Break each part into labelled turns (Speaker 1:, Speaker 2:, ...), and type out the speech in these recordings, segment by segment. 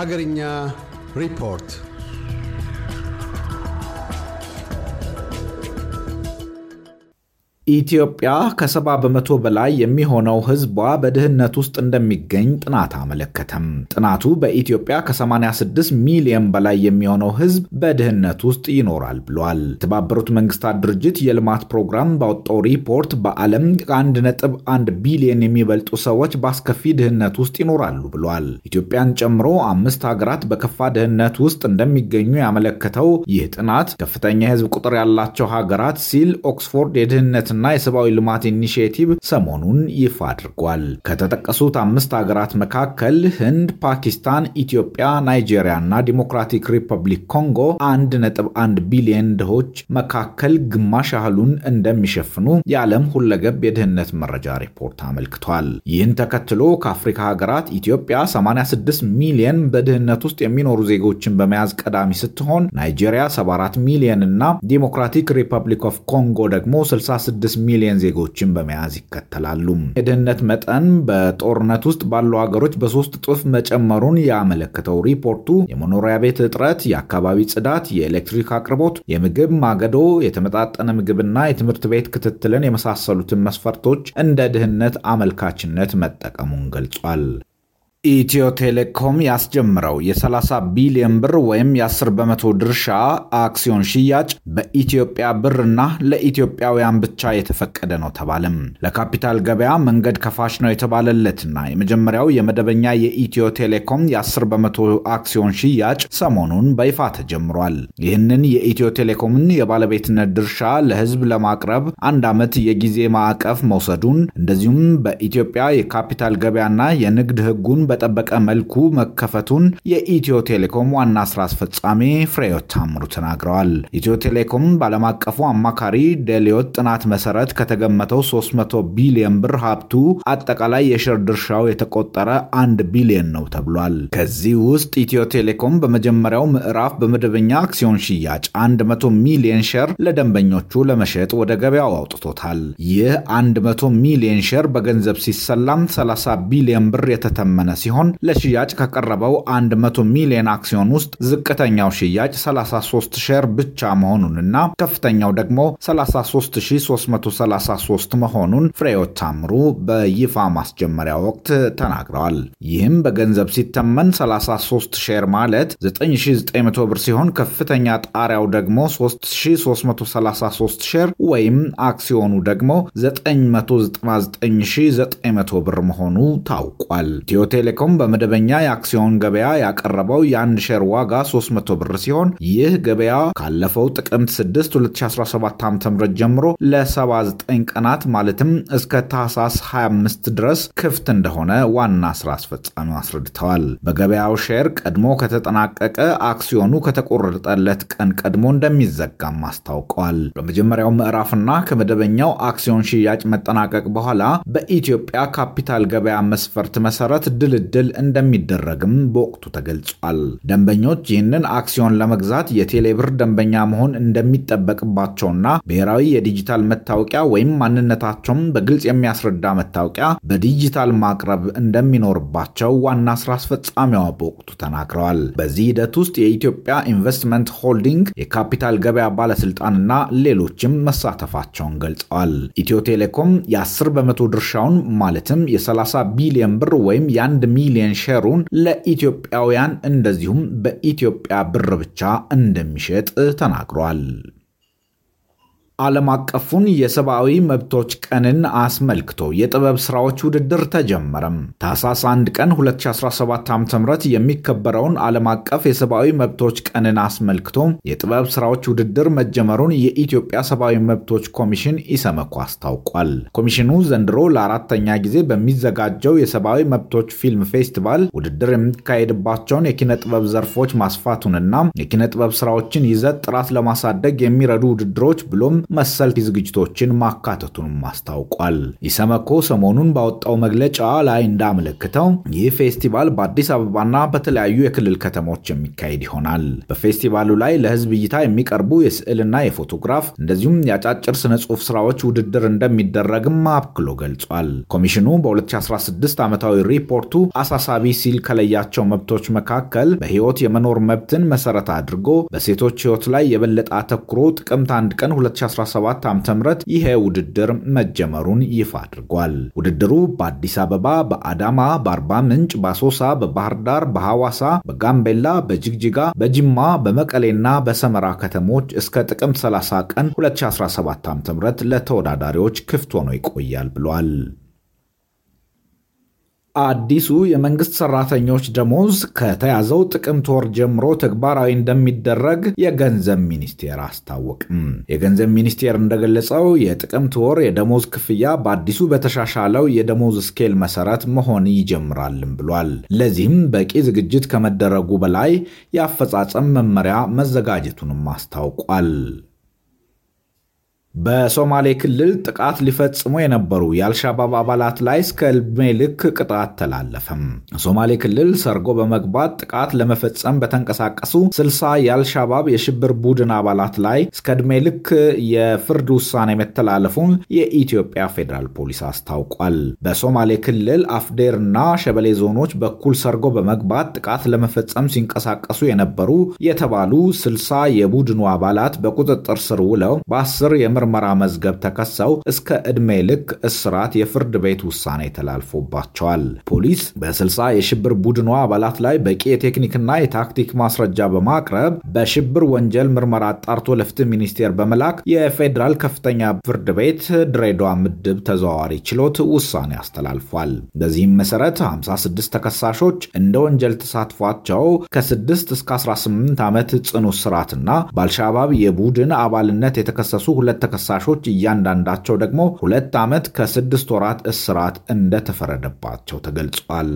Speaker 1: Hagarinya Report ኢትዮጵያ ከሰባ በመቶ በላይ የሚሆነው ሕዝቧ በድህነት ውስጥ እንደሚገኝ ጥናት አመለከተም። ጥናቱ በኢትዮጵያ ከ86 ሚሊዮን በላይ የሚሆነው ሕዝብ በድህነት ውስጥ ይኖራል ብሏል። የተባበሩት መንግስታት ድርጅት የልማት ፕሮግራም ባወጣው ሪፖርት በዓለም 11 ቢሊዮን የሚበልጡ ሰዎች በአስከፊ ድህነት ውስጥ ይኖራሉ ብሏል። ኢትዮጵያን ጨምሮ አምስት ሀገራት በከፋ ድህነት ውስጥ እንደሚገኙ ያመለከተው ይህ ጥናት ከፍተኛ የሕዝብ ቁጥር ያላቸው ሀገራት ሲል ኦክስፎርድ የድህነት ና የሰብአዊ ልማት ኢኒሽቲቭ ሰሞኑን ይፋ አድርጓል። ከተጠቀሱት አምስት ሀገራት መካከል ህንድ፣ ፓኪስታን፣ ኢትዮጵያ፣ ናይጄሪያ እና ዲሞክራቲክ ሪፐብሊክ ኮንጎ 1.1 ቢሊዮን ድሆች መካከል ግማሽ ያህሉን እንደሚሸፍኑ የዓለም ሁለገብ የድህነት መረጃ ሪፖርት አመልክቷል። ይህን ተከትሎ ከአፍሪካ ሀገራት ኢትዮጵያ 86 ሚሊዮን በድህነት ውስጥ የሚኖሩ ዜጎችን በመያዝ ቀዳሚ ስትሆን ናይጄሪያ 74 ሚሊዮን እና ዲሞክራቲክ ሪፐብሊክ ኦፍ ኮንጎ ደግሞ 66 6 ሚሊዮን ዜጎችን በመያዝ ይከተላሉ። የድህነት መጠን በጦርነት ውስጥ ባሉ ሀገሮች በሶስት እጥፍ መጨመሩን ያመለከተው ሪፖርቱ የመኖሪያ ቤት እጥረት፣ የአካባቢ ጽዳት፣ የኤሌክትሪክ አቅርቦት፣ የምግብ ማገዶ፣ የተመጣጠነ ምግብና የትምህርት ቤት ክትትልን የመሳሰሉትን መስፈርቶች እንደ ድህነት አመልካችነት መጠቀሙን ገልጿል። ኢትዮ ቴሌኮም ያስጀምረው የ30 ቢሊዮን ብር ወይም የ10 በመቶ ድርሻ አክሲዮን ሽያጭ በኢትዮጵያ ብርና ለኢትዮጵያውያን ብቻ የተፈቀደ ነው ተባለም። ለካፒታል ገበያ መንገድ ከፋሽ ነው የተባለለትና የመጀመሪያው የመደበኛ የኢትዮ ቴሌኮም የ10 በመቶ አክሲዮን ሽያጭ ሰሞኑን በይፋ ተጀምሯል። ይህንን የኢትዮ ቴሌኮምን የባለቤትነት ድርሻ ለሕዝብ ለማቅረብ አንድ ዓመት የጊዜ ማዕቀፍ መውሰዱን እንደዚሁም በኢትዮጵያ የካፒታል ገበያና የንግድ ሕጉን በጠበቀ መልኩ መከፈቱን የኢትዮ ቴሌኮም ዋና ስራ አስፈጻሚ ፍሬዮት ታምሩ ተናግረዋል። ኢትዮ ቴሌኮም በዓለም አቀፉ አማካሪ ደሌዮት ጥናት መሰረት ከተገመተው 300 ቢሊዮን ብር ሀብቱ አጠቃላይ የሽር ድርሻው የተቆጠረ 1 ቢሊዮን ነው ተብሏል። ከዚህ ውስጥ ኢትዮ ቴሌኮም በመጀመሪያው ምዕራፍ በመደበኛ አክሲዮን ሽያጭ 100 ሚሊዮን ሸር ለደንበኞቹ ለመሸጥ ወደ ገበያው አውጥቶታል። ይህ 100 ሚሊዮን ሸር በገንዘብ ሲሰላም 30 ቢሊዮን ብር የተተመነ ሲሆን ለሽያጭ ከቀረበው 100 ሚሊዮን አክሲዮን ውስጥ ዝቅተኛው ሽያጭ 33 ሼር ብቻ መሆኑንና ከፍተኛው ደግሞ 33333 መሆኑን ፍሬዎች ታምሩ በይፋ ማስጀመሪያ ወቅት ተናግረዋል። ይህም በገንዘብ ሲተመን 33 ሼር ማለት 9900 ብር ሲሆን ከፍተኛ ጣሪያው ደግሞ 3333 ሼር ወይም አክሲዮኑ ደግሞ 999900 ብር መሆኑ ታውቋል። ኢትዮ ቴሌ ቴሌኮም በመደበኛ የአክሲዮን ገበያ ያቀረበው የአንድ ሼር ዋጋ 300 ብር ሲሆን ይህ ገበያ ካለፈው ጥቅምት 6 2017 ዓ ም ጀምሮ ለ79 ቀናት ማለትም እስከ ታህሳስ 25 ድረስ ክፍት እንደሆነ ዋና ስራ አስፈጻሚ አስረድተዋል። በገበያው ሼር ቀድሞ ከተጠናቀቀ አክሲዮኑ ከተቆረጠለት ቀን ቀድሞ እንደሚዘጋም አስታውቀዋል። በመጀመሪያው ምዕራፍና ከመደበኛው አክሲዮን ሽያጭ መጠናቀቅ በኋላ በኢትዮጵያ ካፒታል ገበያ መስፈርት መሰረት ድል ድልድል እንደሚደረግም በወቅቱ ተገልጿል። ደንበኞች ይህንን አክሲዮን ለመግዛት የቴሌብር ደንበኛ መሆን እንደሚጠበቅባቸውና ብሔራዊ የዲጂታል መታወቂያ ወይም ማንነታቸውን በግልጽ የሚያስረዳ መታወቂያ በዲጂታል ማቅረብ እንደሚኖርባቸው ዋና ስራ አስፈጻሚዋ በወቅቱ ተናግረዋል። በዚህ ሂደት ውስጥ የኢትዮጵያ ኢንቨስትመንት ሆልዲንግ፣ የካፒታል ገበያ ባለስልጣንና ሌሎችም መሳተፋቸውን ገልጸዋል። ኢትዮ ቴሌኮም የ10 በመቶ ድርሻውን ማለትም የ30 ቢሊዮን ብር ወይም የ1 ሚሊየን ሼሩን ለኢትዮጵያውያን እንደዚሁም በኢትዮጵያ ብር ብቻ እንደሚሸጥ ተናግሯል። ዓለም አቀፉን የሰብአዊ መብቶች ቀንን አስመልክቶ የጥበብ ስራዎች ውድድር ተጀመረም። ታኅሳስ 1 ቀን 2017 ዓ.ም የሚከበረውን ዓለም አቀፍ የሰብአዊ መብቶች ቀንን አስመልክቶ የጥበብ ስራዎች ውድድር መጀመሩን የኢትዮጵያ ሰብአዊ መብቶች ኮሚሽን ኢሰመኮ አስታውቋል። ኮሚሽኑ ዘንድሮ ለአራተኛ ጊዜ በሚዘጋጀው የሰብአዊ መብቶች ፊልም ፌስቲቫል ውድድር የሚካሄድባቸውን የኪነ ጥበብ ዘርፎች ማስፋቱንና የኪነ ጥበብ ስራዎችን ይዘት ጥራት ለማሳደግ የሚረዱ ውድድሮች ብሎም መሰል ዝግጅቶችን ማካተቱንም አስታውቋል። ኢሰመኮ ሰሞኑን ባወጣው መግለጫ ላይ እንዳመለክተው ይህ ፌስቲቫል በአዲስ አበባና በተለያዩ የክልል ከተሞች የሚካሄድ ይሆናል። በፌስቲቫሉ ላይ ለህዝብ እይታ የሚቀርቡ የስዕልና የፎቶግራፍ እንደዚሁም የአጫጭር ስነ ጽሑፍ ስራዎች ውድድር እንደሚደረግም አብክሎ ገልጿል። ኮሚሽኑ በ2016 ዓመታዊ ሪፖርቱ አሳሳቢ ሲል ከለያቸው መብቶች መካከል በህይወት የመኖር መብትን መሰረት አድርጎ በሴቶች ህይወት ላይ የበለጠ አተኩሮ ጥቅምት 1 ቀን 2017 2017 ዓ ም ይሄ ውድድር መጀመሩን ይፋ አድርጓል። ውድድሩ በአዲስ አበባ፣ በአዳማ፣ በአርባ ምንጭ፣ በአሶሳ፣ በባህር ዳር፣ በሐዋሳ፣ በጋምቤላ፣ በጅግጅጋ፣ በጅማ፣ በመቀሌና በሰመራ ከተሞች እስከ ጥቅምት 30 ቀን 2017 ዓ ም ለተወዳዳሪዎች ክፍት ሆኖ ይቆያል ብሏል። አዲሱ የመንግስት ሰራተኞች ደሞዝ ከተያዘው ጥቅምት ወር ጀምሮ ተግባራዊ እንደሚደረግ የገንዘብ ሚኒስቴር አስታወቅም። የገንዘብ ሚኒስቴር እንደገለጸው የጥቅምት ወር የደሞዝ ክፍያ በአዲሱ በተሻሻለው የደሞዝ ስኬል መሰረት መሆን ይጀምራልም ብሏል። ለዚህም በቂ ዝግጅት ከመደረጉ በላይ የአፈጻጸም መመሪያ መዘጋጀቱንም አስታውቋል። በሶማሌ ክልል ጥቃት ሊፈጽሙ የነበሩ የአልሻባብ አባላት ላይ እስከ ዕድሜ ልክ ቅጣት ተላለፈም። ሶማሌ ክልል ሰርጎ በመግባት ጥቃት ለመፈጸም በተንቀሳቀሱ ስልሳ የአልሻባብ የሽብር ቡድን አባላት ላይ እስከ ዕድሜ ልክ የፍርድ ውሳኔ መተላለፉን የኢትዮጵያ ፌዴራል ፖሊስ አስታውቋል። በሶማሌ ክልል አፍዴር ሸበሌ ዞኖች በኩል ሰርጎ በመግባት ጥቃት ለመፈጸም ሲንቀሳቀሱ የነበሩ የተባሉ ስልሳ የቡድኑ አባላት በቁጥጥር ስር ውለው በአስር የምርመራ መዝገብ ተከሰው እስከ ዕድሜ ልክ እስራት የፍርድ ቤት ውሳኔ ተላልፎባቸዋል። ፖሊስ በ60 የሽብር ቡድኑ አባላት ላይ በቂ የቴክኒክና የታክቲክ ማስረጃ በማቅረብ በሽብር ወንጀል ምርመራ አጣርቶ ለፍትህ ሚኒስቴር በመላክ የፌዴራል ከፍተኛ ፍርድ ቤት ድሬዳዋ ምድብ ተዘዋዋሪ ችሎት ውሳኔ አስተላልፏል። በዚህም መሰረት 56 ተከሳሾች እንደ ወንጀል ተሳትፏቸው ከ6 እስከ 18 ዓመት ጽኑ ስርዓትና በአልሻባብ የቡድን አባልነት የተከሰሱ ሁለት ተከሳሾች እያንዳንዳቸው ደግሞ ሁለት ዓመት ከስድስት ወራት እስራት እንደተፈረደባቸው ተገልጿል።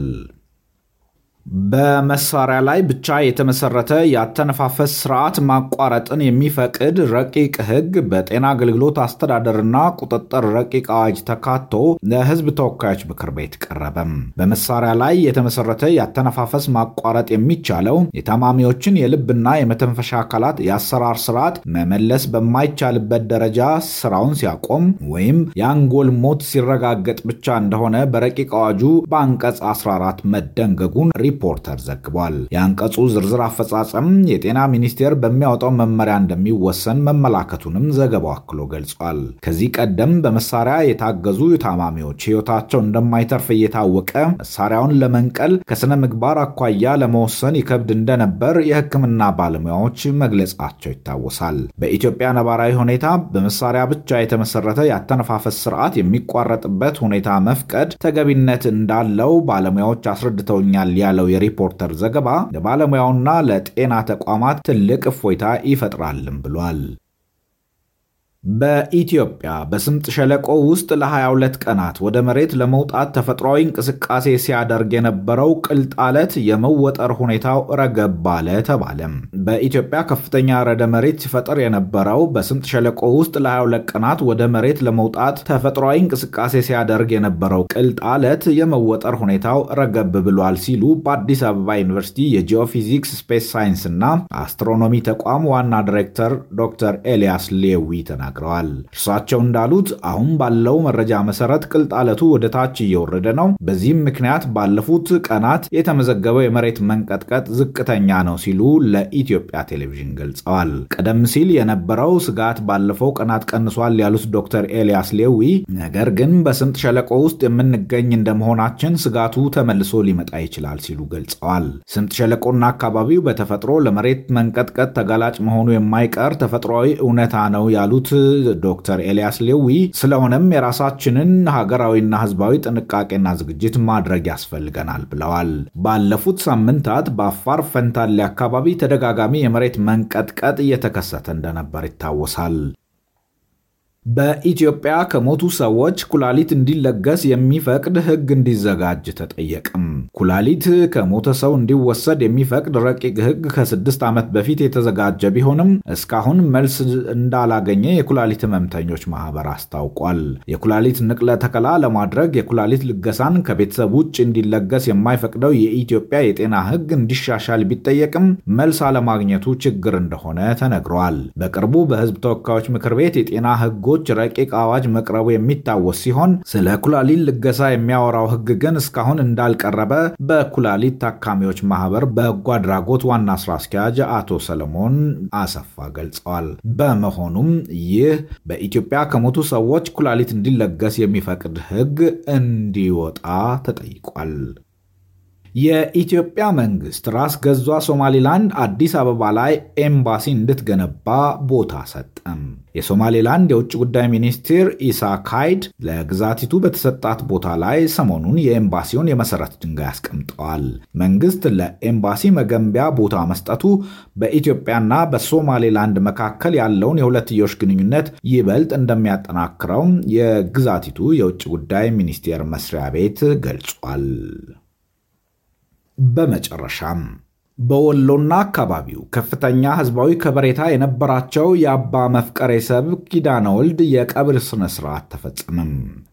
Speaker 1: በመሳሪያ ላይ ብቻ የተመሰረተ የአተነፋፈስ ስርዓት ማቋረጥን የሚፈቅድ ረቂቅ ህግ በጤና አገልግሎት አስተዳደርና ቁጥጥር ረቂቅ አዋጅ ተካቶ ለህዝብ ተወካዮች ምክር ቤት ቀረበም። በመሳሪያ ላይ የተመሰረተ የአተነፋፈስ ማቋረጥ የሚቻለው የታማሚዎችን የልብና የመተንፈሻ አካላት የአሰራር ስርዓት መመለስ በማይቻልበት ደረጃ ስራውን ሲያቆም ወይም የአንጎል ሞት ሲረጋገጥ ብቻ እንደሆነ በረቂቅ አዋጁ በአንቀጽ 14 መደንገጉን ሪፖርተር ዘግቧል። የአንቀጹ ዝርዝር አፈጻጸም የጤና ሚኒስቴር በሚያወጣው መመሪያ እንደሚወሰን መመላከቱንም ዘገባው አክሎ ገልጿል። ከዚህ ቀደም በመሳሪያ የታገዙ ታማሚዎች ሕይወታቸው እንደማይተርፍ እየታወቀ መሳሪያውን ለመንቀል ከሥነ ምግባር አኳያ ለመወሰን ይከብድ እንደነበር የሕክምና ባለሙያዎች መግለጻቸው ይታወሳል። በኢትዮጵያ ነባራዊ ሁኔታ በመሳሪያ ብቻ የተመሰረተ የአተነፋፈስ ስርዓት የሚቋረጥበት ሁኔታ መፍቀድ ተገቢነት እንዳለው ባለሙያዎች አስረድተውኛል ያለው የሚለው የሪፖርተር ዘገባ ለባለሙያውና ለጤና ተቋማት ትልቅ እፎይታ ይፈጥራልም ብሏል። በኢትዮጵያ በስምጥ ሸለቆ ውስጥ ለ22 ቀናት ወደ መሬት ለመውጣት ተፈጥሯዊ እንቅስቃሴ ሲያደርግ የነበረው ቅልጥ አለት የመወጠር ሁኔታው ረገብ አለ ተባለም። በኢትዮጵያ ከፍተኛ ረደ መሬት ሲፈጠር የነበረው በስምጥ ሸለቆ ውስጥ ለ22 ቀናት ወደ መሬት ለመውጣት ተፈጥሯዊ እንቅስቃሴ ሲያደርግ የነበረው ቅልጥ አለት የመወጠር ሁኔታው ረገብ ብሏል ሲሉ በአዲስ አበባ ዩኒቨርሲቲ የጂኦፊዚክስ ስፔስ ሳይንስ እና አስትሮኖሚ ተቋም ዋና ዲሬክተር ዶክተር ኤልያስ ሌዊ ተናግረዋል። ተናግረዋል። እርሳቸው እንዳሉት አሁን ባለው መረጃ መሰረት ቅልጥ አለቱ ወደ ታች እየወረደ ነው። በዚህም ምክንያት ባለፉት ቀናት የተመዘገበው የመሬት መንቀጥቀጥ ዝቅተኛ ነው ሲሉ ለኢትዮጵያ ቴሌቪዥን ገልጸዋል። ቀደም ሲል የነበረው ስጋት ባለፈው ቀናት ቀንሷል ያሉት ዶክተር ኤልያስ ሌዊ ነገር ግን በስምጥ ሸለቆ ውስጥ የምንገኝ እንደመሆናችን ስጋቱ ተመልሶ ሊመጣ ይችላል ሲሉ ገልጸዋል። ስምጥ ሸለቆና አካባቢው በተፈጥሮ ለመሬት መንቀጥቀጥ ተጋላጭ መሆኑ የማይቀር ተፈጥሯዊ እውነታ ነው ያሉት ዶክተር ኤልያስ ሌዊ ስለሆነም የራሳችንን ሀገራዊና ህዝባዊ ጥንቃቄና ዝግጅት ማድረግ ያስፈልገናል ብለዋል። ባለፉት ሳምንታት በአፋር ፈንታሌ አካባቢ ተደጋጋሚ የመሬት መንቀጥቀጥ እየተከሰተ እንደነበር ይታወሳል። በኢትዮጵያ ከሞቱ ሰዎች ኩላሊት እንዲለገስ የሚፈቅድ ሕግ እንዲዘጋጅ ተጠየቅም። ኩላሊት ከሞተ ሰው እንዲወሰድ የሚፈቅድ ረቂቅ ሕግ ከስድስት ዓመት በፊት የተዘጋጀ ቢሆንም እስካሁን መልስ እንዳላገኘ የኩላሊት ሕመምተኞች ማህበር አስታውቋል። የኩላሊት ንቅለ ተከላ ለማድረግ የኩላሊት ልገሳን ከቤተሰብ ውጭ እንዲለገስ የማይፈቅደው የኢትዮጵያ የጤና ሕግ እንዲሻሻል ቢጠየቅም መልስ አለማግኘቱ ችግር እንደሆነ ተነግሯል። በቅርቡ በሕዝብ ተወካዮች ምክር ቤት የጤና ሕጎ ሰዎች ረቂቅ አዋጅ መቅረቡ የሚታወስ ሲሆን ስለ ኩላሊት ልገሳ የሚያወራው ሕግ ግን እስካሁን እንዳልቀረበ በኩላሊት ታካሚዎች ማህበር በጎ አድራጎት ዋና ስራ አስኪያጅ አቶ ሰለሞን አሰፋ ገልጸዋል። በመሆኑም ይህ በኢትዮጵያ ከሞቱ ሰዎች ኩላሊት እንዲለገስ የሚፈቅድ ሕግ እንዲወጣ ተጠይቋል። የኢትዮጵያ መንግስት ራስ ገዟ ሶማሌላንድ አዲስ አበባ ላይ ኤምባሲ እንድትገነባ ቦታ ሰጠም። የሶማሌላንድ የውጭ ጉዳይ ሚኒስትር ኢሳ ካይድ ለግዛቲቱ በተሰጣት ቦታ ላይ ሰሞኑን የኤምባሲውን የመሰረት ድንጋይ አስቀምጠዋል። መንግስት ለኤምባሲ መገንቢያ ቦታ መስጠቱ በኢትዮጵያና በሶማሌላንድ መካከል ያለውን የሁለትዮሽ ግንኙነት ይበልጥ እንደሚያጠናክረው የግዛቲቱ የውጭ ጉዳይ ሚኒስቴር መስሪያ ቤት ገልጿል። በመጨረሻም በወሎና አካባቢው ከፍተኛ ህዝባዊ ከበሬታ የነበራቸው የአባ መፍቀሬ ሰብ ኪዳነ ወልድ የቀብር ስነ ስርዓት ተፈጸመም።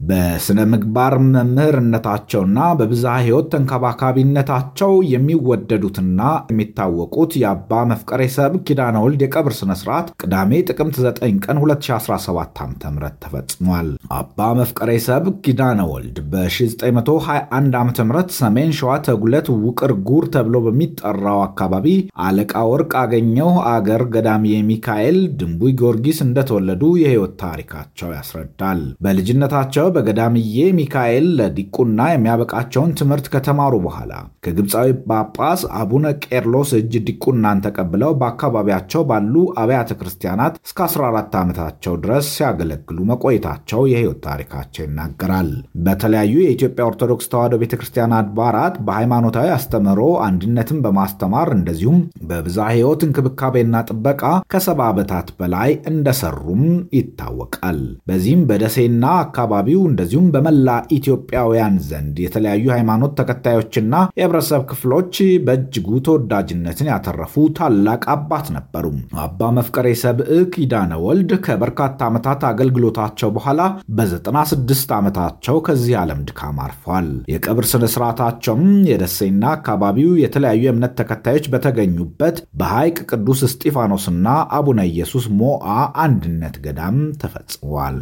Speaker 1: በስነ ምግባር መምህርነታቸውና በብዝሃ ህይወት ተንከባካቢነታቸው የሚወደዱትና የሚታወቁት የአባ መፍቀሬ ሰብ ኪዳነ ወልድ የቀብር ስነ ስርዓት ቅዳሜ ጥቅምት 9 ቀን 2017 ም ተፈጽሟል። አባ መፍቀሬ ሰብ ኪዳነ ወልድ በ1921 ዓ.ም ሰሜን ሸዋ ተጉለት ውቅር ጉር ተብሎ በሚጠራ በተራራው አካባቢ አለቃ ወርቅ አገኘው አገር ገዳም የሚካኤል ድንቡይ ጊዮርጊስ እንደተወለዱ የህይወት ታሪካቸው ያስረዳል። በልጅነታቸው በገዳምዬ ሚካኤል ለዲቁና የሚያበቃቸውን ትምህርት ከተማሩ በኋላ ከግብፃዊ ጳጳስ አቡነ ቄርሎስ እጅ ዲቁናን ተቀብለው በአካባቢያቸው ባሉ አብያተ ክርስቲያናት እስከ 14 ዓመታቸው ድረስ ሲያገለግሉ መቆየታቸው የህይወት ታሪካቸው ይናገራል። በተለያዩ የኢትዮጵያ ኦርቶዶክስ ተዋሕዶ ቤተ ክርስቲያን አድባራት በሃይማኖታዊ አስተምህሮ አንድነትን በማስ በማስተማር እንደዚሁም በብዝሃ ሕይወት እንክብካቤና ጥበቃ ከሰባ ዓመታት በላይ እንደሰሩም ይታወቃል። በዚህም በደሴና አካባቢው እንደዚሁም በመላ ኢትዮጵያውያን ዘንድ የተለያዩ ሃይማኖት ተከታዮችና የህብረተሰብ ክፍሎች በእጅጉ ተወዳጅነትን ያተረፉ ታላቅ አባት ነበሩ። አባ መፍቀሬ ሰብእ ኪዳነ ወልድ ከበርካታ ዓመታት አገልግሎታቸው በኋላ በ96 ዓመታቸው ከዚህ ዓለም ድካም አርፏል። የቀብር ስነ ስርዓታቸውም የደሴና አካባቢው የተለያዩ የእምነት ተከታዮች በተገኙበት በሐይቅ ቅዱስ እስጢፋኖስና አቡነ ኢየሱስ ሞአ አንድነት ገዳም ተፈጽሟል።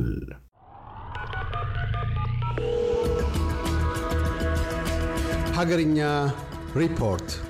Speaker 1: ሀገርኛ ሪፖርት